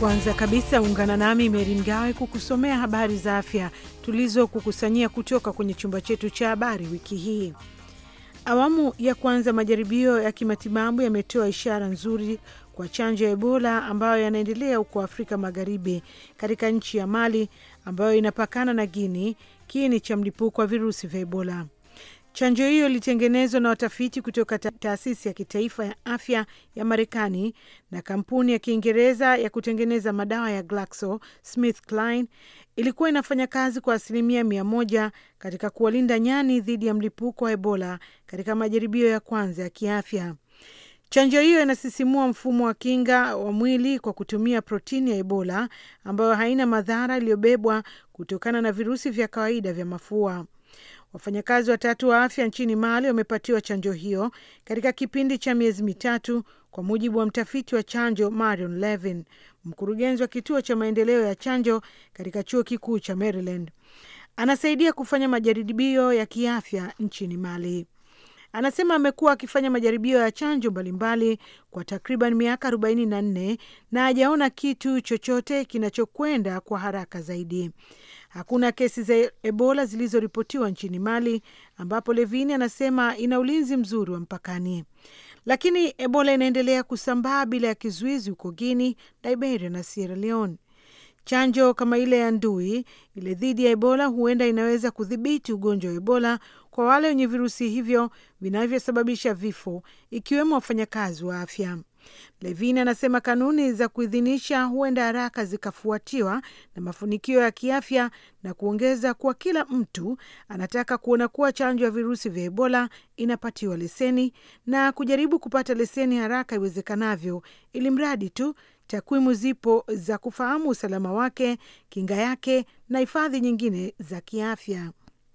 Kwanza kabisa ungana nami Meri Mgawe kukusomea habari za afya tulizokukusanyia kutoka kwenye chumba chetu cha habari wiki hii. Awamu ya kwanza majaribio ya kimatibabu yametoa ishara nzuri kwa chanjo ya Ebola ambayo yanaendelea huko Afrika Magharibi, katika nchi ya Mali ambayo inapakana na Guini, kiini cha mlipuko wa virusi vya Ebola. Chanjo hiyo ilitengenezwa na watafiti kutoka taasisi ya kitaifa ya afya ya Marekani na kampuni ya Kiingereza ya kutengeneza madawa ya Glaxo Smith Kline. Ilikuwa inafanya kazi kwa asilimia mia moja katika kuwalinda nyani dhidi ya mlipuko wa Ebola katika majaribio ya kwanza ya kiafya. Chanjo hiyo inasisimua mfumo wa kinga wa mwili kwa kutumia protini ya Ebola ambayo haina madhara iliyobebwa kutokana na virusi vya kawaida vya mafua. Wafanyakazi watatu wa afya nchini Mali wamepatiwa chanjo hiyo katika kipindi cha miezi mitatu, kwa mujibu wa mtafiti wa chanjo Marion Levin, mkurugenzi wa kituo cha maendeleo ya chanjo katika chuo kikuu cha Maryland. Anasaidia kufanya majaribio ya kiafya nchini Mali. Anasema amekuwa akifanya majaribio ya chanjo mbalimbali kwa takriban miaka 44 na hajaona kitu chochote kinachokwenda kwa haraka zaidi. Hakuna kesi za Ebola zilizoripotiwa nchini Mali, ambapo levini anasema ina ulinzi mzuri wa mpakani, lakini Ebola inaendelea kusambaa bila ya kizuizi huko Guini, Liberia na Sierra Leone. Chanjo kama ile ya ndui ile dhidi ya Ebola huenda inaweza kudhibiti ugonjwa wa Ebola kwa wale wenye virusi hivyo vinavyosababisha vifo, ikiwemo wafanyakazi wa afya. Levin anasema kanuni za kuidhinisha huenda haraka zikafuatiwa na mafanikio ya kiafya na kuongeza kuwa kila mtu anataka kuona kuwa chanjo ya virusi vya Ebola inapatiwa leseni na kujaribu kupata leseni haraka iwezekanavyo, ili mradi tu takwimu zipo za kufahamu usalama wake, kinga yake na hifadhi nyingine za kiafya.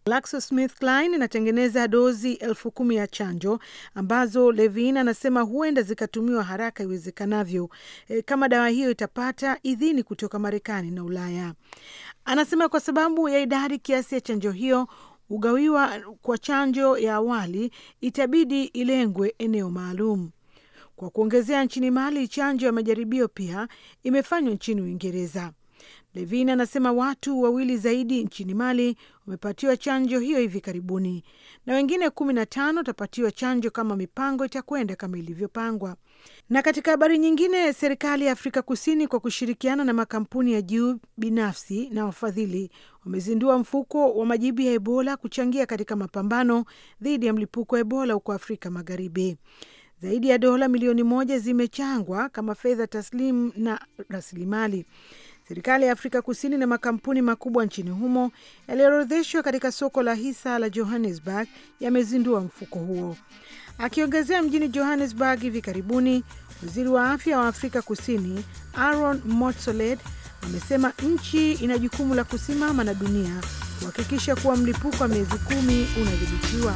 GlaxoSmithKline inatengeneza dozi elfu kumi ya chanjo ambazo Levin anasema huenda zikatumiwa haraka iwezekanavyo e, kama dawa hiyo itapata idhini kutoka Marekani na Ulaya. Anasema kwa sababu ya idadi kiasi ya chanjo hiyo ugawiwa kwa chanjo ya awali itabidi ilengwe eneo maalum. Kwa kuongezea, nchini Mali chanjo ya majaribio pia imefanywa nchini Uingereza. Levin anasema watu wawili zaidi nchini Mali wamepatiwa chanjo hiyo hivi karibuni na wengine kumi na tano watapatiwa chanjo kama mipango itakwenda kama ilivyopangwa. Na katika habari nyingine, serikali ya Afrika Kusini kwa kushirikiana na makampuni ya juu binafsi na wafadhili wamezindua mfuko wa majibu ya Ebola kuchangia katika mapambano dhidi ya mlipuko wa Ebola huko Afrika Magharibi. Zaidi ya dola milioni moja zimechangwa kama fedha taslimu na rasilimali. Serikali ya Afrika Kusini na makampuni makubwa nchini humo yaliyoorodheshwa katika soko la hisa la Johannesburg yamezindua mfuko huo. Akiongezea mjini Johannesburg hivi karibuni, waziri wa afya wa Afrika Kusini Aaron motsoled amesema nchi ina jukumu la kusimama na dunia kuhakikisha kuwa mlipuko wa miezi kumi unadhibitiwa.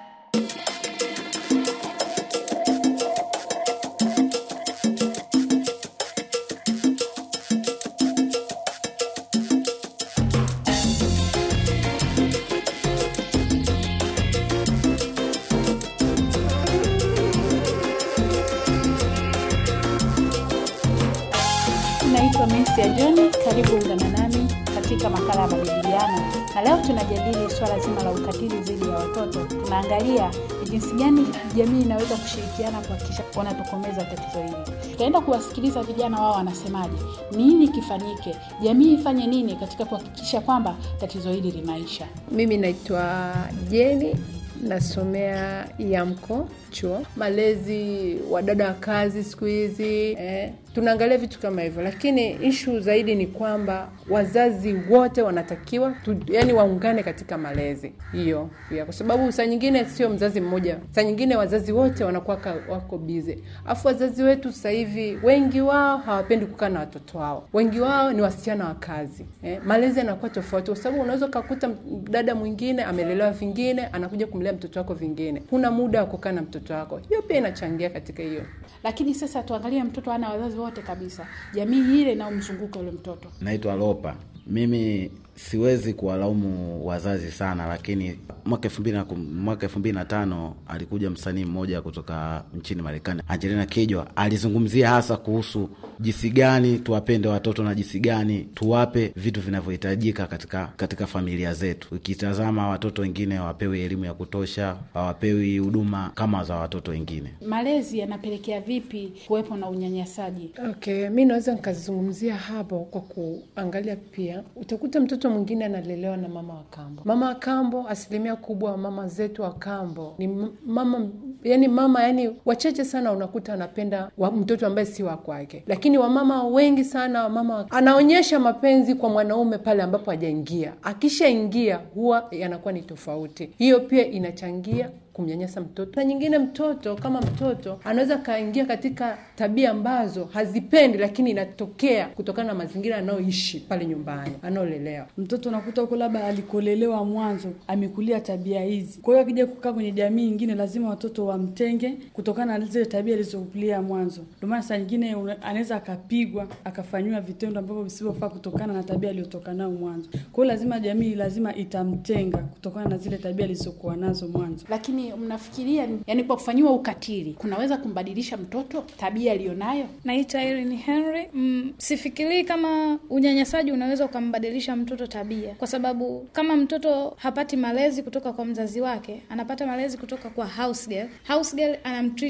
Naitwa Mensia John, karibu ungana nami katika makala ya majadiliano, na leo tunajadili swala zima la ukatili dhidi ya watoto. Tunaangalia ni jinsi gani jamii inaweza kushirikiana kuhakikisha wanatokomeza tatizo hili. Tutaenda kuwasikiliza vijana wao wanasemaje, nini kifanyike, jamii ifanye nini katika kuhakikisha kwamba tatizo hili limaisha. Mimi naitwa Jeni nasomea Yamko chuo malezi wadada wa kazi siku hizi eh, tunaangalia vitu kama hivyo, lakini ishu zaidi ni kwamba wazazi wote wanatakiwa tu, yani waungane katika malezi hiyo ya, kwa sababu saa nyingine sio mzazi mmoja, saa nyingine wazazi wote wanakuwa wako bize. Afu wazazi wetu sasa hivi wengi wao hawapendi kukaa na watoto wao, wengi wao ni wasichana wa kazi eh, malezi yanakuwa tofauti, kwa sababu unaweza ukakuta dada mwingine amelelewa vingine, anakuja kumlea mtoto wako vingine, kuna muda wa kukaa na mtoto wako, hiyo pia inachangia katika hiyo. Lakini sasa tuangalie mtoto ana wazazi vyovyote kabisa jamii ile inayomzunguka yule mtoto. Naitwa Lopa. Mimi siwezi kuwalaumu wazazi sana, lakini mwaka elfu mbili mwaka elfu mbili na tano alikuja msanii mmoja kutoka nchini Marekani, Angelina kijwa alizungumzia hasa kuhusu jinsi gani tuwapende watoto na jinsi gani tuwape vitu vinavyohitajika katika katika familia zetu. Ukitazama watoto wengine hawapewi elimu ya kutosha, hawapewi huduma kama za watoto wengine. Malezi yanapelekea vipi kuwepo na unyanyasaji? Okay, mi naweza nikazungumzia hapo kwa kuangalia pia, utakuta mtoto mwingine analelewa na mama wa kambo. Mama wa kambo, asilimia kubwa mama zetu wa kambo ni mama yani mama yani wachache sana unakuta anapenda wa mtoto ambaye si wa kwake, lakini wamama wengi sana wamama anaonyesha mapenzi kwa mwanaume pale ambapo hajaingia. Akishaingia huwa yanakuwa ni tofauti. Hiyo pia inachangia kumnyanyasa mtoto. Na nyingine mtoto kama mtoto anaweza akaingia katika tabia ambazo hazipendi, lakini inatokea kutokana na mazingira anayoishi pale nyumbani anaolelewa. Mtoto unakuta huko labda alikolelewa mwanzo amekulia tabia hizi, kwa hiyo akija kukaa kwenye jamii nyingine lazima watoto wamtenge kutokana na zile tabia alizokulia mwanzo. Ndio maana saa nyingine anaweza akapigwa akafanyiwa vitendo ambavyo visivyofaa kutokana na tabia aliyotoka nayo mwanzo. Kwa hiyo lazima jamii lazima itamtenga kutokana na zile tabia alizokuwa nazo mwanzo, lakini nyinyi mnafikiria yani, kwa kufanyiwa ukatili kunaweza kumbadilisha mtoto tabia aliyonayo? Naitwa irin Henry. Mm, sifikirii kama unyanyasaji unaweza ukambadilisha mtoto tabia, kwa sababu kama mtoto hapati malezi kutoka kwa mzazi wake, anapata malezi kutoka kwa house girl. House girl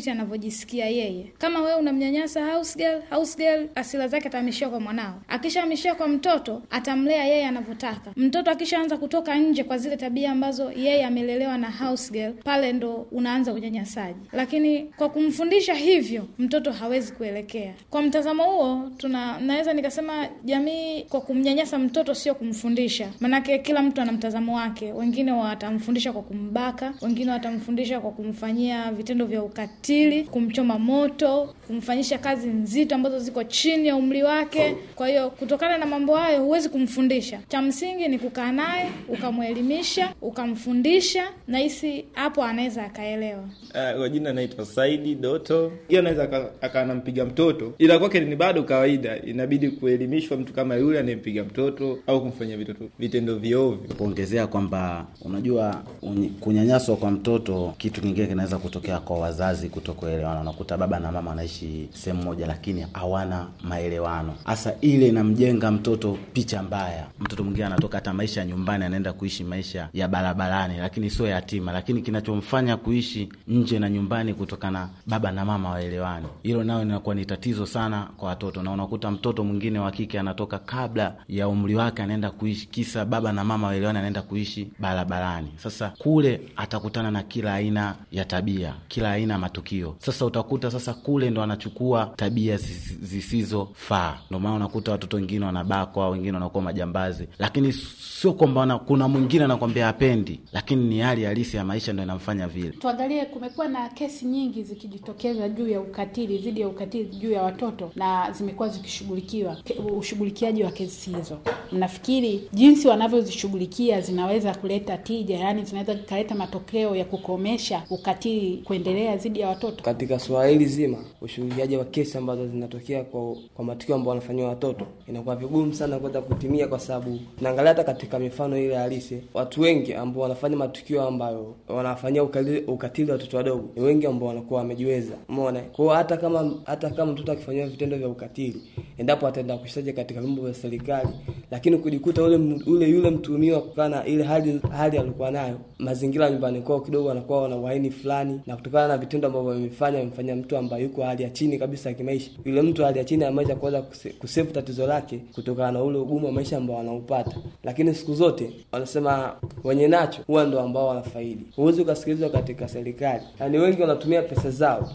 anavyojisikia yeye. Kama wewe unamnyanyasa house girl, house girl asila zake atahamishia kwa mwanao, akishahamishia kwa mtoto atamlea yeye anavyotaka. Mtoto akishaanza kutoka nje kwa zile tabia ambazo yeye amelelewa na house girl pale pale ndo unaanza unyanyasaji. Lakini kwa kumfundisha hivyo mtoto hawezi kuelekea. Kwa mtazamo huo, tuna naweza nikasema jamii kwa kumnyanyasa mtoto sio kumfundisha, maanake kila mtu ana mtazamo wake. Wengine watamfundisha kwa kumbaka, wengine watamfundisha kwa kumfanyia vitendo vya ukatili, kumchoma moto, kumfanyisha kazi nzito ambazo ziko chini ya umri wake. Kwa hiyo kutokana na mambo hayo huwezi kumfundisha. Cha msingi ni kukaa naye, ukamwelimisha, ukamfundisha. Nahisi hapo anaweza akaelewa. Ah, kwa uh, jina naitwa Saidi Doto. Hiyo anaweza akanampiga mtoto, ila kwake ni bado kawaida, inabidi kuelimishwa mtu kama yule anayempiga mtoto au kumfanyia vitendo viovu. Kuongezea kwamba unajua, kunyanyaswa kwa mtoto, kitu kingine kinaweza kutokea kwa wazazi kutokuelewana. Unakuta baba na mama wanaishi sehemu moja, lakini hawana maelewano, hasa ile inamjenga mtoto picha mbaya. Mtoto mwingine anatoka hata maisha ya nyumbani, anaenda kuishi maisha ya barabarani, lakini sio yatima, lakini kinacho inamfanya kuishi nje na nyumbani kutokana baba na mama waelewani. Hilo nayo inakuwa ni tatizo sana kwa watoto, na unakuta mtoto mwingine wa kike anatoka kabla ya umri wake, anaenda kuishi kisa baba na mama waelewani, anaenda kuishi barabarani. Sasa kule atakutana na kila aina ya tabia, kila aina ya matukio. Sasa utakuta sasa kule ndo anachukua tabia zisizofaa, ndo maana unakuta watoto wengine wanabakwa, wengine wanakuwa majambazi, lakini sio kwamba kuna mwingine anakwambia hapendi, lakini ni hali halisi ya maisha ndo inamfanya kufanya vile. Tuangalie, kumekuwa na kesi nyingi zikijitokeza juu ya ukatili, dhidi ya ukatili juu ya watoto na zimekuwa zikishughulikiwa. Ushughulikiaji wa kesi hizo, mnafikiri jinsi wanavyozishughulikia zinaweza kuleta tija, yaani zinaweza zikaleta matokeo ya kukomesha ukatili kuendelea dhidi ya watoto katika suala hili zima? Ushughulikiaji wa kesi ambazo zinatokea kwa, kwa matukio ambayo wanafanyiwa watoto inakuwa vigumu sana kuweza kutimia, kwa sababu naangalia hata katika mifano ile halisi, watu wengi ambao wanafanya matukio ambayo wanafanyia kupigania ukatili wa watoto wadogo ni wengi ambao wanakuwa wamejiweza. Umeona, kwa hata kama hata kama mtoto akifanywa vitendo vya ukatili, endapo ataenda kushtaje katika vyombo vya serikali, lakini kujikuta ule ule yule mtuhumiwa kukana ile hali hali alikuwa nayo, mazingira nyumbani kwao kidogo anakuwa wana uhaini fulani, na kutokana na vitendo ambavyo amefanya amefanya mtu ambaye yuko hali ya chini kabisa ya kimaisha, yule mtu hali ya chini ya maisha kuweza kusefu tatizo lake kutokana na ule ugumu wa maisha ambao anaupata Lakini siku zote wanasema wenye nacho huwa ndo ambao wanafaidi. Huwezi ukasikia kusikilizwa katika serikali, yaani wengi wanatumia pesa zao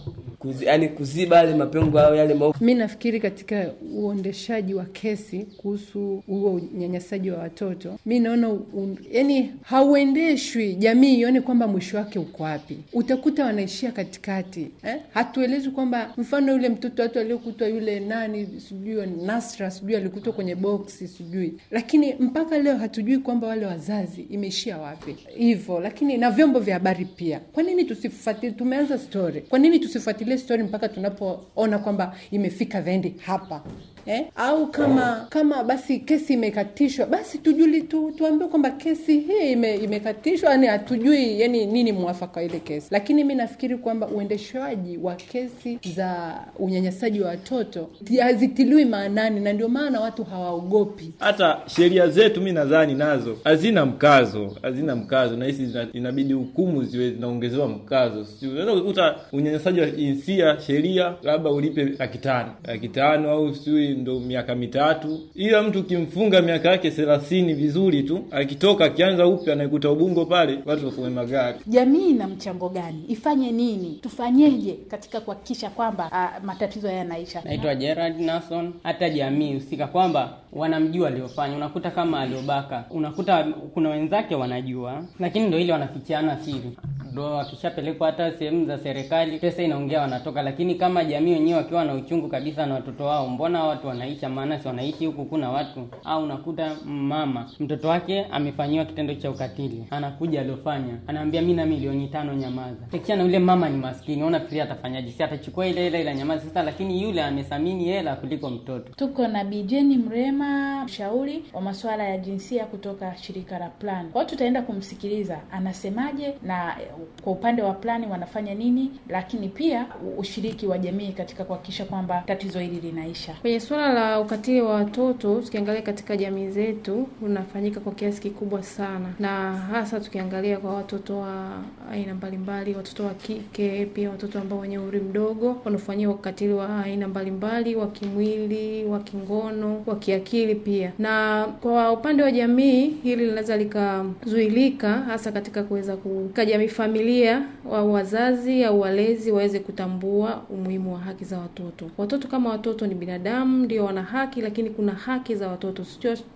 kuzi, yani kuziba yale mapengo yao yale maovu. Mi nafikiri katika uondeshaji wa kesi kuhusu huo unyanyasaji wa watoto, mi naona um, yani hauendeshwi, jamii ione kwamba mwisho wake uko wapi. Utakuta wanaishia katikati eh? Hatuelezwi kwamba mfano yule mtoto watu aliokutwa yule nani sijui Nasra sijui alikutwa kwenye boksi sijui, lakini mpaka leo hatujui kwamba wale wazazi imeishia wapi hivyo, lakini na vyombo vya habari pia. Kwa nini tusifuatilie? Tumeanza stori, kwa nini tusifuatilie ile story mpaka tunapoona kwamba imefika the hapa eh? Au kama kama basi kesi imekatishwa, basi tujuli tu, tuambie kwamba kesi hii ime, imekatishwa, yani hatujui yani nini mwafaka ile kesi. Lakini mi nafikiri kwamba uendeshwaji wa kesi za unyanyasaji wa watoto hazitiliwi maanani, na ndio maana watu hawaogopi. Hata sheria zetu mi nadhani nazo hazina mkazo, hazina mkazo, na hizi inabidi hukumu ziwe zinaongezewa mkazo. unaweza kukuta unyanyasaji wa jinsia sheria labda ulipe laki tano laki tano au sijui ndo miaka mitatu, ila mtu ukimfunga miaka yake thelathini vizuri tu, akitoka akianza upya anaikuta ubungo pale, watu wakume magari. Jamii ina mchango gani? Ifanye nini? Tufanyeje katika kuhakikisha kwamba a, ah, matatizo yanaisha? Naitwa Gerard Nason. Hata jamii husika kwamba wanamjua aliyofanya, unakuta kama aliobaka, unakuta kuna wenzake wanajua, lakini ndo ile wanafichiana siri ndo wakishapelekwa hata sehemu za serikali pesa inaongea wanatoka, lakini kama jamii wenyewe wakiwa na uchungu kabisa na watoto wao, mbona watu wanaisha? Maana si wanaishi huku, kuna watu au unakuta mama mtoto wake amefanyiwa kitendo cha ukatili, anakuja aliofanya, anaambia mimi na milioni tano, nyamaza. Tekisha na yule mama ni maskini, unafikiria atafanyaje? Si atachukua ile hela ila nyamaza sasa, lakini yule amethamini hela kuliko mtoto. Tuko na Bijeni Mrema, mshauri wa masuala ya jinsia kutoka shirika la Plan. kwao tutaenda kumsikiliza anasemaje na kwa upande wa plani wanafanya nini, lakini pia ushiriki wa jamii katika kuhakikisha kwamba tatizo hili linaisha. Kwenye suala la ukatili wa watoto, tukiangalia katika jamii zetu unafanyika kwa kiasi kikubwa sana, na hasa tukiangalia kwa watoto wa aina mbalimbali, watoto wa kike, pia watoto ambao wenye umri mdogo wanafanyia ukatili wa aina mbalimbali, wa kimwili, wa kingono, wa kiakili pia. Na kwa upande wa jamii hili linaweza likazuilika hasa katika kuweza kujamii familia wa wazazi au walezi waweze kutambua umuhimu wa haki za watoto. Watoto kama watoto ni binadamu, ndio wana haki, lakini kuna haki za watoto.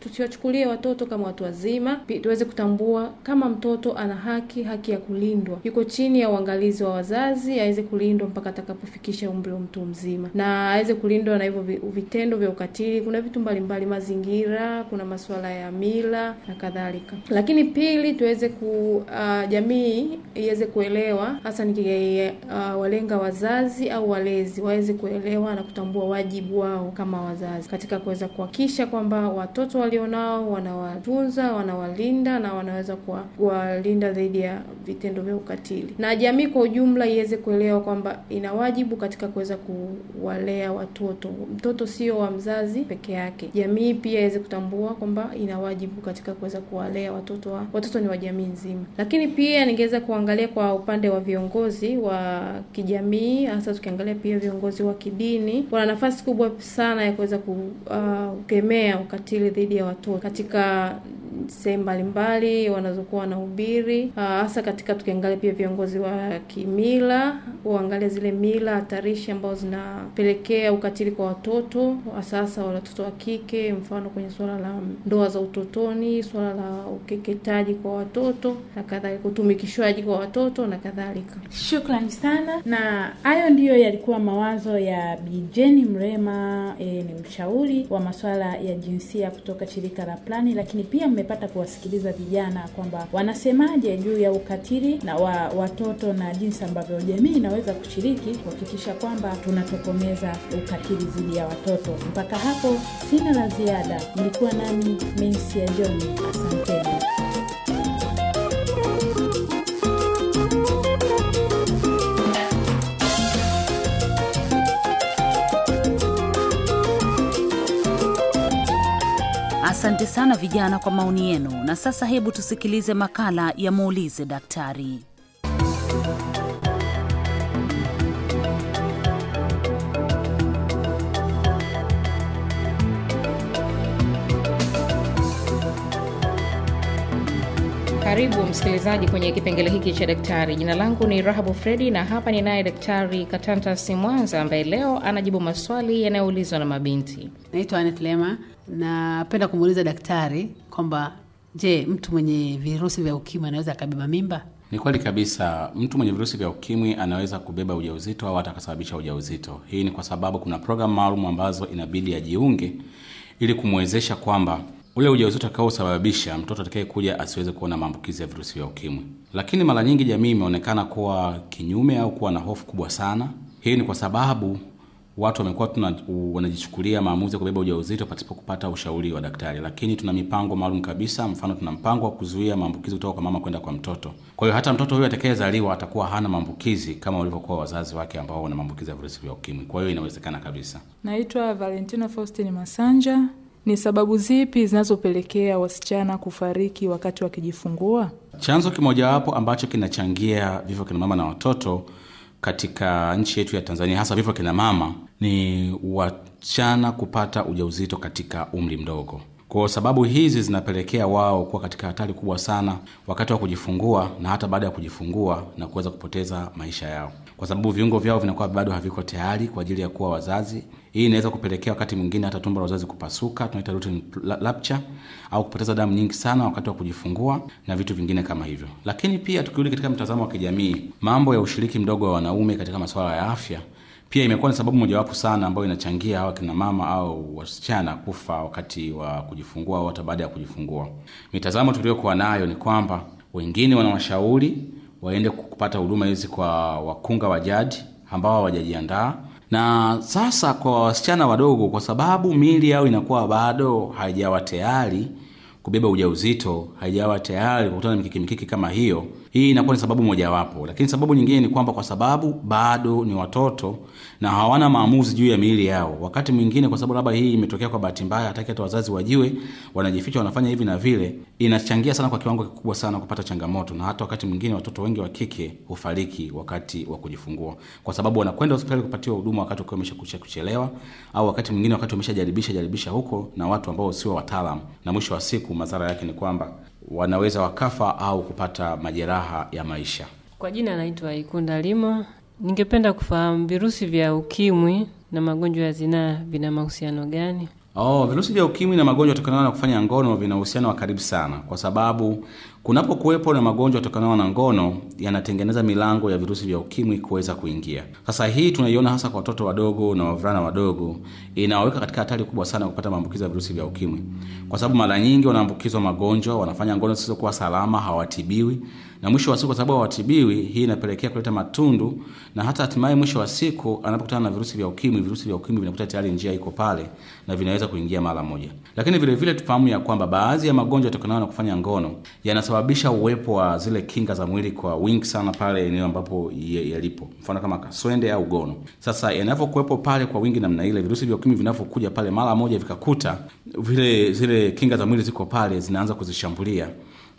Tusiwachukulie watoto kama watu wazima, tuweze kutambua kama mtoto ana haki, haki ya kulindwa, yuko chini ya uangalizi wa wazazi, aweze kulindwa mpaka atakapofikisha umri wa mtu mzima, na aweze kulindwa na hivyo vitendo vya ukatili. Kuna vitu mbalimbali, mazingira, kuna masuala ya mila na kadhalika. Lakini pili, tuweze ku uh, jamii iweze kuelewa, hasa nikiwalenga uh, wazazi au walezi waweze kuelewa na kutambua wajibu wao kama wazazi katika kuweza kuhakikisha kwamba watoto walionao wanawatunza, wanawalinda na wanaweza kuwalinda dhidi ya vitendo vya ukatili, na jamii kwa ujumla iweze kuelewa kwamba ina wajibu katika kuweza kuwalea watoto. Mtoto sio wa mzazi peke yake. Jamii pia iweze kutambua kwamba ina wajibu katika kuweza kuwalea watoto wa, watoto ni wa jamii nzima, lakini pia ningeweza kuangalia tukiangalia kwa upande wa viongozi wa kijamii, hasa tukiangalia pia viongozi wa kidini, wana nafasi kubwa sana ya kuweza uh, kukemea ukatili dhidi ya watoto katika sehemu mbalimbali wanazokuwa ubiri ah, hasa katika tukiangalia pia viongozi wa kimila, uangalie zile mila hatarishi ambazo zinapelekea ukatili kwa watoto, hasahasa wale watoto wa kike, mfano kwenye suala la ndoa za utotoni, suala la ukeketaji kwa watoto na kadhalika, utumikishwaji kwa watoto na kadhalika. Shukrani sana, na hayo ndiyo yalikuwa mawazo ya Bijeni Mrema. E, ni mshauri wa masuala ya jinsia kutoka shirika la Plani, lakini pia nimepata kuwasikiliza vijana kwamba wanasemaje juu ya ukatili na wa watoto na jinsi ambavyo jamii inaweza kushiriki kuhakikisha kwamba tunatokomeza ukatili dhidi ya watoto. Mpaka hapo sina la ziada. Mlikuwa nami Mensia John, asante. Asante sana vijana kwa maoni yenu, na sasa hebu tusikilize makala ya muulize daktari. Karibu msikilizaji kwenye kipengele hiki cha daktari. Jina langu ni Rahabu Fredi na hapa ninaye Daktari Katanta Simwanza ambaye leo anajibu maswali yanayoulizwa na mabinti. Naitwa Anet Lema. Napenda kumuuliza daktari kwamba je, mtu mwenye virusi vya ukimwi anaweza akabeba mimba? Ni kweli kabisa, mtu mwenye virusi vya ukimwi anaweza kubeba ujauzito au hata akasababisha ujauzito. Hii ni kwa sababu kuna programu maalum ambazo inabidi ajiunge ili kumwezesha kwamba ule ujauzito akaosababisha mtoto kuja asiweze kuona maambukizi ya virusi vya ukimwi. Lakini mara nyingi jamii imeonekana kuwa kinyume au kuwa na hofu kubwa sana. Hii ni kwa sababu watu wamekuwa wanajichukulia maamuzi ya kubeba ujauzito pasipo kupata ushauri wa daktari, lakini tuna mipango maalum kabisa. Mfano, tuna mpango wa kuzuia maambukizi kutoka kwa mama kwenda kwa mtoto. Kwa hiyo hata mtoto huyo atakayezaliwa atakuwa hana maambukizi kama walivyokuwa wazazi wake ambao wana maambukizi ya virusi vya ukimwi. Kwa hiyo inawezekana kabisa. Naitwa Valentina Faustin Masanja. Ni sababu zipi zinazopelekea wasichana kufariki wakati wakijifungua? Chanzo kimojawapo ambacho kinachangia vifo kina mama na watoto katika nchi yetu ya Tanzania, hasa vifo kina mama, ni wachana kupata ujauzito katika umri mdogo. Kwa sababu hizi zinapelekea wao kuwa katika hatari kubwa sana wakati wa kujifungua na hata baada ya kujifungua na kuweza kupoteza maisha yao kwa sababu viungo vyao vinakuwa bado haviko tayari kwa ajili ya kuwa wazazi. Hii inaweza kupelekea wakati mwingine hata tumbo la wazazi kupasuka, tunaita routine rupture, au kupoteza damu nyingi sana wakati wa kujifungua na vitu vingine kama hivyo. Lakini pia tukirudi katika mtazamo wa kijamii, mambo ya ushiriki mdogo wa wanaume katika masuala ya afya pia imekuwa ni sababu mojawapo sana ambayo inachangia hawa kina mama au wasichana kufa wakati wa kujifungua au hata baada ya kujifungua. Mitazamo tuliyokuwa nayo ni kwamba wengine wanawashauri waende kupata huduma hizi kwa wakunga wa jadi ambao hawajajiandaa na sasa kwa wasichana wadogo, kwa sababu mili yao inakuwa bado haijawa tayari kubeba ujauzito, haijawa tayari kukutana mikikimikiki kama hiyo, hii inakuwa ni sababu mojawapo, lakini sababu nyingine ni kwamba kwa sababu bado ni watoto na hawana maamuzi juu ya miili yao, wakati mwingine, kwa sababu labda hii imetokea kwa bahati mbaya, hataki hata wazazi wajue, wanajificha, wanafanya hivi na vile, inachangia sana kwa kiwango kikubwa sana kupata changamoto, na hata wakati mwingine watoto wengi wa kike hufariki wakati wa kujifungua, kwa sababu wanakwenda hospitali kupatiwa huduma wakati wakiwa wameshakucha kuchelewa, au wakati mwingine wakati wameshajaribisha jaribisha huko na watu ambao sio wataalamu, na mwisho wa siku madhara yake ni kwamba wanaweza wakafa au kupata majeraha ya maisha. Kwa jina naitwa Ikunda Limo. Ningependa kufahamu virusi vya ukimwi na magonjwa ya zinaa vina mahusiano gani? Oh, virusi vya ukimwi na magonjwa yatokanayo na kufanya ngono vina uhusiano wa karibu sana, kwa sababu Kunapokuwepo na magonjwa yatokanao na ngono, yanatengeneza milango ya virusi vya ukimwi kuweza kuingia. Sasa hii tunaiona hasa kwa watoto wadogo na wavulana wadogo, inawaweka katika hatari kubwa sana ya kupata maambukizi ya virusi vya ukimwi, kwa sababu mara nyingi wanaambukizwa magonjwa, wanafanya ngono zisizokuwa salama, hawatibiwi na mwisho wa siku, kwa sababu hawatibiwi, hii inapelekea kuleta matundu na hata hatimaye mwisho wa siku anapokutana na virusi vya ukimwi, virusi vya ukimwi vinakuta tayari njia iko pale na vinaweza kuingia mara moja. Lakini vile vile tufahamu ya kwamba baadhi ya magonjwa yatokanayo na kufanya ngono yanasababisha uwepo wa zile kinga za mwili kwa wingi sana pale eneo ambapo yalipo, mfano kama kaswende au gono. Sasa yanavyokuwepo pale kwa wingi namna ile, virusi vya ukimwi vinavyokuja pale mara moja vikakuta vile zile kinga za mwili ziko pale, zinaanza kuzishambulia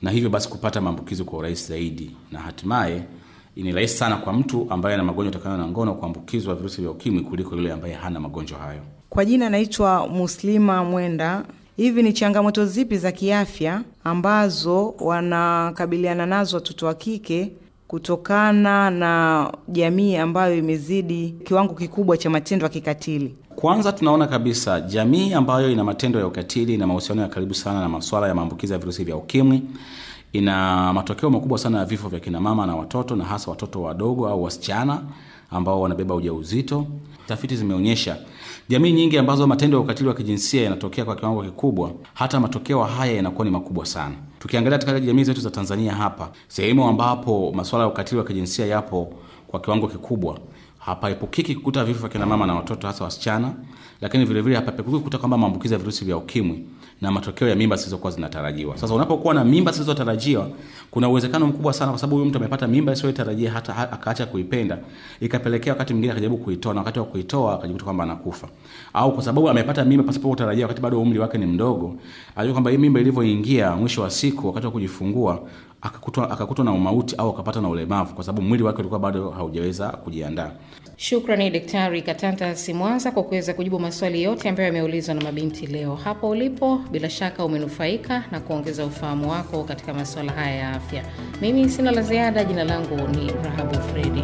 na hivyo basi kupata maambukizo kwa urahisi zaidi, na hatimaye ni rahisi sana kwa mtu ambaye ana magonjwa takana na ngono kuambukizwa virusi vya ukimwi kuliko yule ambaye hana magonjwa hayo. Kwa jina anaitwa Muslima Mwenda. Hivi ni changamoto zipi za kiafya ambazo wanakabiliana nazo watoto wa kike kutokana na jamii ambayo imezidi kiwango kikubwa cha matendo ya kikatili? Kwanza tunaona kabisa jamii ambayo ina matendo ya ukatili na mahusiano ya karibu sana na masuala ya maambukizi ya virusi vya ukimwi ina matokeo makubwa sana ya vifo vya kinamama na watoto na hasa watoto wadogo au wasichana ambao wanabeba ujauzito. Tafiti zimeonyesha jamii nyingi ambazo matendo ya ukatili wa kijinsia yanatokea kwa kiwango kikubwa, hata matokeo haya yanakuwa ni makubwa sana. Tukiangalia katika jamii zetu za Tanzania hapa, sehemu ambapo masuala ya ukatili wa kijinsia yapo kwa kiwango kikubwa, hapaepukiki kukuta vifo vya kina mama na watoto hasa wasichana, lakini vilevile hapaepukiki kukuta kwamba maambukizi ya virusi vya ukimwi na matokeo ya mimba zisizokuwa zinatarajiwa. Sasa unapokuwa na mimba zisizotarajiwa, kuna uwezekano mkubwa sana, kwa sababu huyu mtu amepata mimba isiyotarajia hata akaacha kuipenda, ikapelekea wakati mwingine akajaribu kuitoa, na wakati wa kuitoa akajikuta kwamba anakufa, au kwa sababu amepata mimba pasipo kutarajia wakati bado umri wake ni mdogo, ajua kwamba hii mimba ilivyoingia, mwisho wa siku, wakati wa kujifungua, akakutwa, akakutwa na umauti au akapata na ulemavu kwa sababu mwili wake ulikuwa bado haujaweza kujiandaa. Shukrani Daktari Katanta Simwanza kwa kuweza kujibu maswali yote ambayo yameulizwa na mabinti leo. Hapo ulipo, bila shaka umenufaika na kuongeza ufahamu wako katika masuala haya ya afya. Mimi sina la ziada. Jina langu ni Rahabu Fredi.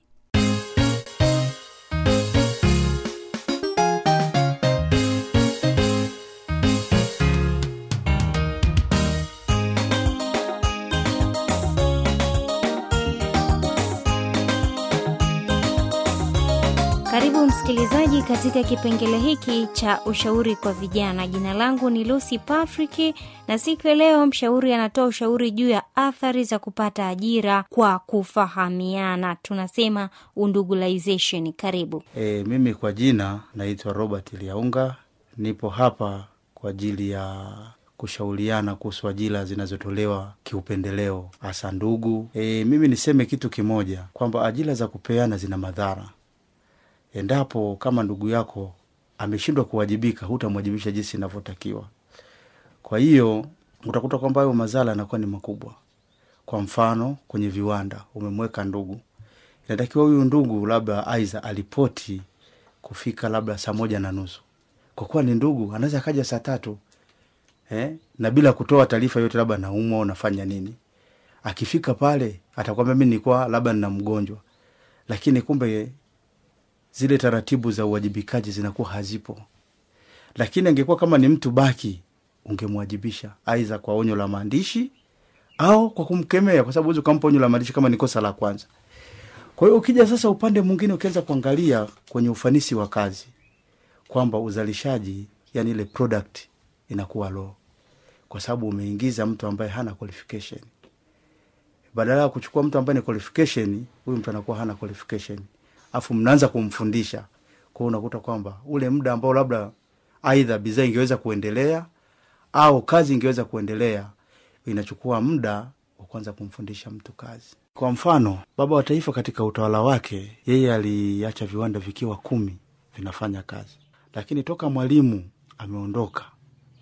Karibu msikilizaji katika kipengele hiki cha ushauri kwa vijana. Jina langu ni Lucy Patrick na siku ya leo mshauri anatoa ushauri juu ya athari za kupata ajira kwa kufahamiana, tunasema undugulization. Karibu. E, mimi kwa jina naitwa Robert Liaunga, nipo hapa kwa ajili ya kushauriana kuhusu ajira zinazotolewa kiupendeleo hasa ndugu. E, mimi niseme kitu kimoja kwamba ajira za kupeana zina madhara endapo kama ndugu yako ameshindwa kuwajibika, hutamwajibisha jinsi inavyotakiwa. Kwa hiyo utakuta kwamba hayo madhara yanakuwa ni makubwa. Kwa mfano, kwenye viwanda umemweka ndugu, inatakiwa huyu ndugu labda aiza alipoti kufika labda saa moja na nusu, kwa kuwa ni ndugu, anaweza akaja saa tatu eh? na bila kutoa taarifa yote, labda naumwa unafanya nini. Akifika pale atakwambia mi nilikuwa labda nina mgonjwa, lakini kumbe zile taratibu za uwajibikaji zinakuwa hazipo. Lakini angekuwa kama ni mtu baki, ungemwajibisha aidha kwa onyo la maandishi au kwa kumkemea, kwa sababu huwezi ukampa onyo la maandishi kama ni kosa la kwanza. Kwa hiyo ukija sasa upande mwingine, ukianza kuangalia kwenye ufanisi wa kazi kwamba uzalishaji, yani ile product inakuwa low, kwa sababu umeingiza mtu ambaye hana qualification. Badala ya kuchukua mtu ambaye ni qualification, huyu mtu anakuwa hana qualification afu mnaanza kumfundisha kwao, unakuta kwamba ule muda ambao labda aidha bidhaa ingeweza kuendelea au kazi ingeweza kuendelea, inachukua muda wa kwanza kumfundisha mtu kazi. Kwa mfano, Baba wa Taifa katika utawala wake yeye aliacha viwanda vikiwa kumi vinafanya kazi, lakini toka Mwalimu ameondoka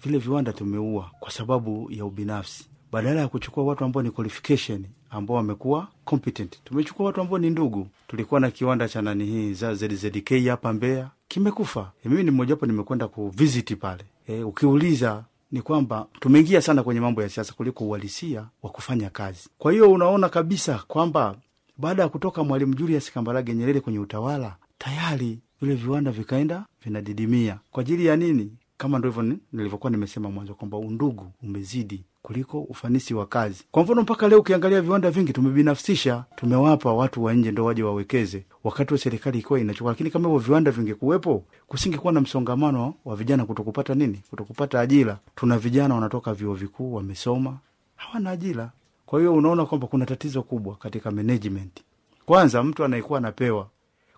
vile viwanda tumeua kwa sababu ya ubinafsi, badala ya kuchukua watu ambao ni qualification ambao wamekuwa competent. Tumechukua watu ambao ni ndugu. Tulikuwa na kiwanda cha nani hii za ZZK hapa Mbeya, kimekufa. E, mimi ni mmojawapo, nimekwenda kuvisiti pale. E, ukiuliza ni kwamba tumeingia sana kwenye mambo ya siasa kuliko uhalisia wa kufanya kazi. Kwa hiyo unaona kabisa kwamba baada ya kutoka Mwalimu Julius Kambarage Nyerere kwenye utawala, tayari vile viwanda vikaenda vinadidimia. Kwa ajili ya nini? Kama ndivyo nilivyokuwa nimesema mwanzo kwamba undugu umezidi kuliko ufanisi wa kazi. Kwa mfano, mpaka leo ukiangalia viwanda vingi tumebinafsisha, tumewapa watu wa nje ndo waje wawekeze, wakati wa serikali ikiwa inachukua. Lakini kama hivyo viwanda vingekuwepo, kusingekuwa na msongamano wa vijana kutokupata nini, kutokupata ajira. Tuna vijana wanatoka vyuo vikuu wamesoma, hawana ajira. Kwa hiyo unaona kwamba kuna tatizo kubwa katika management. Kwanza mtu anayekuwa anapewa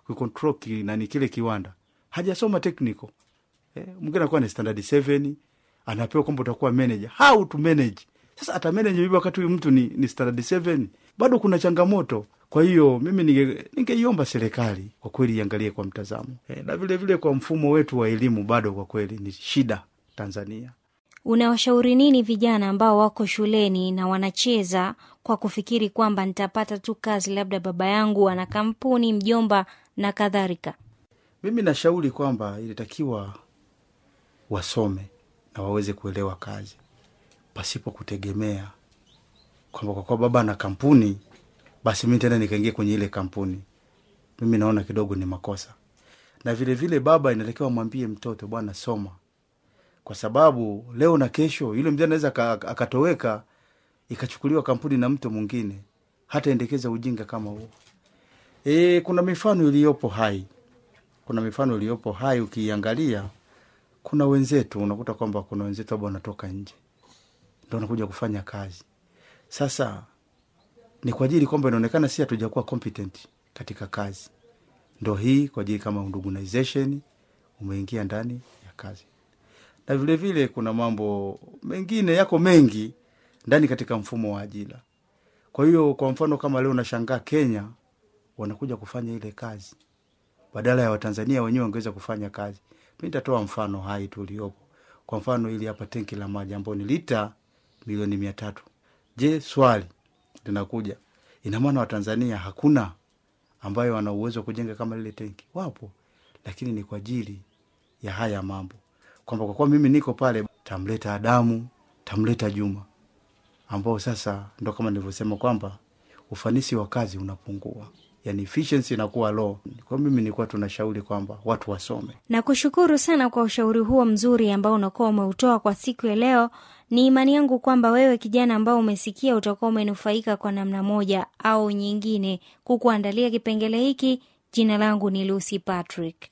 kukontrol nani kile kiwanda hajasoma technical eh, mwingine anakuwa na standard 7 anapewa kwamba utakuwa manager. How to manage? Sasa atamanage vipi wakati huyu mtu ni, ni 37? Bado kuna changamoto. Kwa hiyo mimi ningeiomba ninge serikali kwa kweli iangalie kwa mtazamo e, na vilevile vile kwa mfumo wetu wa elimu bado kwa kweli ni shida Tanzania. Unawashauri nini vijana ambao wako shuleni na wanacheza kwa kufikiri kwamba nitapata tu kazi, labda baba yangu ana kampuni, mjomba na kadhalika? Mimi nashauri kwamba ilitakiwa wasome na waweze kuelewa kazi pasipo kutegemea kwamba kwa kuwa baba na kampuni basi mi tena nikaingia kwenye ile kampuni. Mimi naona kidogo ni makosa, na vile vile baba inatakiwa mwambie mtoto, bwana soma, kwa sababu leo na kesho yule mzee anaweza akatoweka, ikachukuliwa kampuni na mtu mwingine. Hata endekeza ujinga kama huo. E, kuna mifano iliyopo hai, kuna mifano iliyopo hai ukiiangalia kuna wenzetu unakuta kwamba kuna wenzetu ambao wanatoka nje ndo wanakuja kufanya kazi. Sasa ni kwa ajili kwamba inaonekana sisi hatujakuwa competent katika kazi, ndo hii kwa ajili kama ndugunization umeingia ndani ya kazi, na vile vile kuna mambo mengine yako mengi ndani katika mfumo wa ajira. Kwa hiyo kwa mfano kama leo nashangaa Kenya wanakuja kufanya ile kazi badala ya Watanzania wenyewe wangeweza kufanya kazi. Nitatoa mfano hai tuliopo. Kwa mfano ili hapa tenki la maji ambao ni lita milioni mia tatu. Je, swali linakuja, ina maana Watanzania hakuna ambayo wana uwezo wa kujenga kama lile tenki? Wapo, lakini ni kwa ajili ya haya mambo, kwamba kwa kuwa mimi niko pale, tamleta Adamu, tamleta Juma, ambao sasa ndo kama nilivyosema kwamba ufanisi wa kazi unapungua yani efficiency inakuwa low. Kwa mimi nilikuwa tunashauri kwamba watu wasome. Na kushukuru sana kwa ushauri huo mzuri ambao unakuwa umeutoa kwa siku ya leo. Ni imani yangu kwamba wewe kijana ambao umesikia utakuwa umenufaika kwa namna moja au nyingine. Kukuandalia kipengele hiki, jina langu ni Lucy Patrick.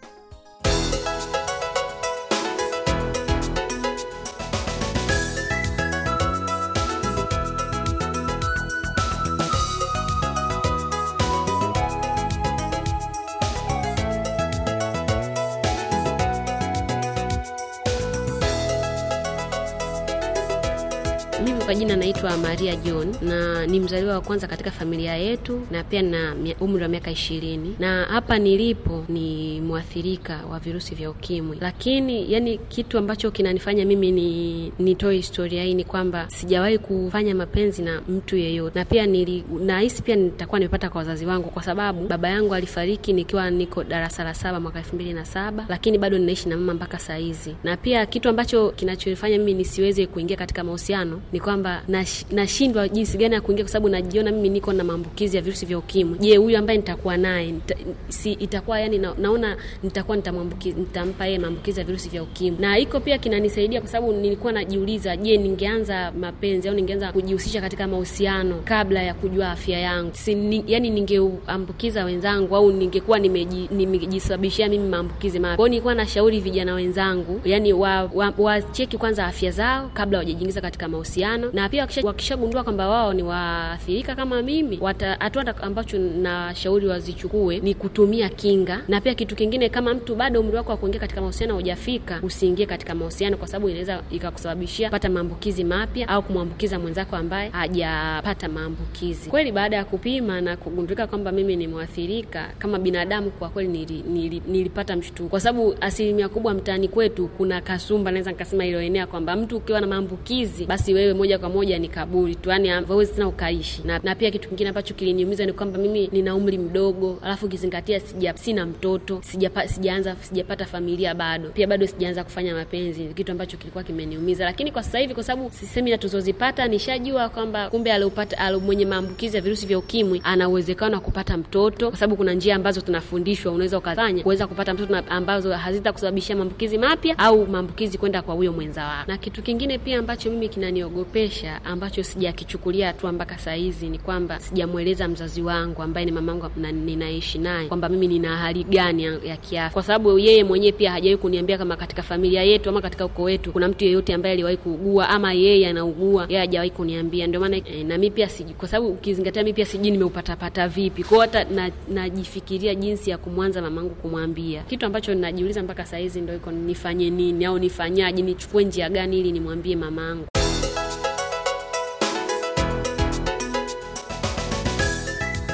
you yangu kwa jina naitwa Maria John na ni mzaliwa wa kwanza katika familia yetu, na pia na umri wa miaka ishirini, na hapa nilipo ni mwathirika wa virusi vya ukimwi. Lakini yani kitu ambacho kinanifanya mimi ni nitoe historia hii ni kwamba sijawahi kufanya mapenzi na mtu yeyote, na pia nili nahisi pia nitakuwa nimepata kwa wazazi wangu, kwa sababu baba yangu alifariki nikiwa niko darasa la saba mwaka elfu mbili na saba, lakini bado ninaishi na mama mpaka saa hizi. Na pia kitu ambacho kinachofanya mimi nisiweze kuingia katika mahusiano ni kwamba nashindwa jinsi gani ya kuingia, kwa sababu najiona mimi niko na maambukizi ya virusi vya ukimwi. Je, huyu ambaye nitakuwa naye nita, si itakuwa yani na, naona nitakuwa nitampa yeye maambukizi ya virusi vya ukimwi, na iko pia kinanisaidia kwa sababu nilikuwa najiuliza, je, ningeanza mapenzi au ningeanza kujihusisha katika mahusiano kabla ya kujua afya yangu si, ni, yani ningeambukiza wenzangu au ningekuwa nimejisababishia mimi maambukizi mapya. Kwao hiyo nilikuwa nashauri vijana wenzangu yani wacheki wa, wa, kwanza afya zao kabla wajajiingiza katika mahusiano sana, na pia wakishagundua kwamba wao ni waathirika kama mimi, hatua ambacho nashauri wazichukue ni kutumia kinga, na pia kitu kingine, kama mtu bado umri wako wa kuingia katika mahusiano hujafika usiingie katika mahusiano, kwa sababu inaweza ikakusababishia pata maambukizi mapya au kumwambukiza mwenzako ambaye hajapata maambukizi. Kweli baada ya kupima na kugundulika kwamba mimi ni mwathirika kama binadamu, kwa kweli nili, nili, nilipata mshtuko, kwa sababu asilimia kubwa mtaani kwetu kuna kasumba, naweza nikasema iliyoenea kwamba mtu ukiwa na maambukizi basi wewe moja moja kwa moja ni kaburi tu, yani hawezi tena ukaishi na, na pia kitu kingine ambacho kiliniumiza ni kwamba mimi nina umri mdogo, alafu ukizingatia sija sina mtoto sijapa, sijaanza sijapata familia bado, pia bado sijaanza kufanya mapenzi, kitu ambacho kilikuwa kimeniumiza. Lakini kwa sasa hivi kwa sababu semina tuzozipata nishajua kwamba kumbe aliopata mwenye maambukizi ya virusi vya ukimwi ana uwezekano wa kupata mtoto, kwa sababu kuna njia ambazo tunafundishwa unaweza ukafanya kuweza kupata mtoto ambazo hazitakusababishia maambukizi mapya au maambukizi kwenda kwa huyo mwenza wako. Na kitu kingine pia ambacho mimi kinaniogopea kinachoniogopesha ambacho sijakichukulia hatua mpaka saa hizi ni kwamba sijamweleza mzazi wangu ambaye ni mamangu ninaishi naye kwamba mimi nina hali gani ya, kiafya, kwa sababu yeye mwenyewe pia hajawai kuniambia kama katika familia yetu ama katika ukoo wetu kuna mtu yeyote ambaye aliwahi kuugua ama yeye anaugua, yeye hajawahi kuniambia. Ndio maana e, na mi pia siji, kwa sababu ukizingatia mi pia sijui nimeupatapata vipi kwao, hata najifikiria na jinsi ya kumwanza mamangu kumwambia kitu ambacho ninajiuliza mpaka saa hizi, ndo iko nifanye nini au nifanyaje, nichukue njia gani ili nimwambie mamangu.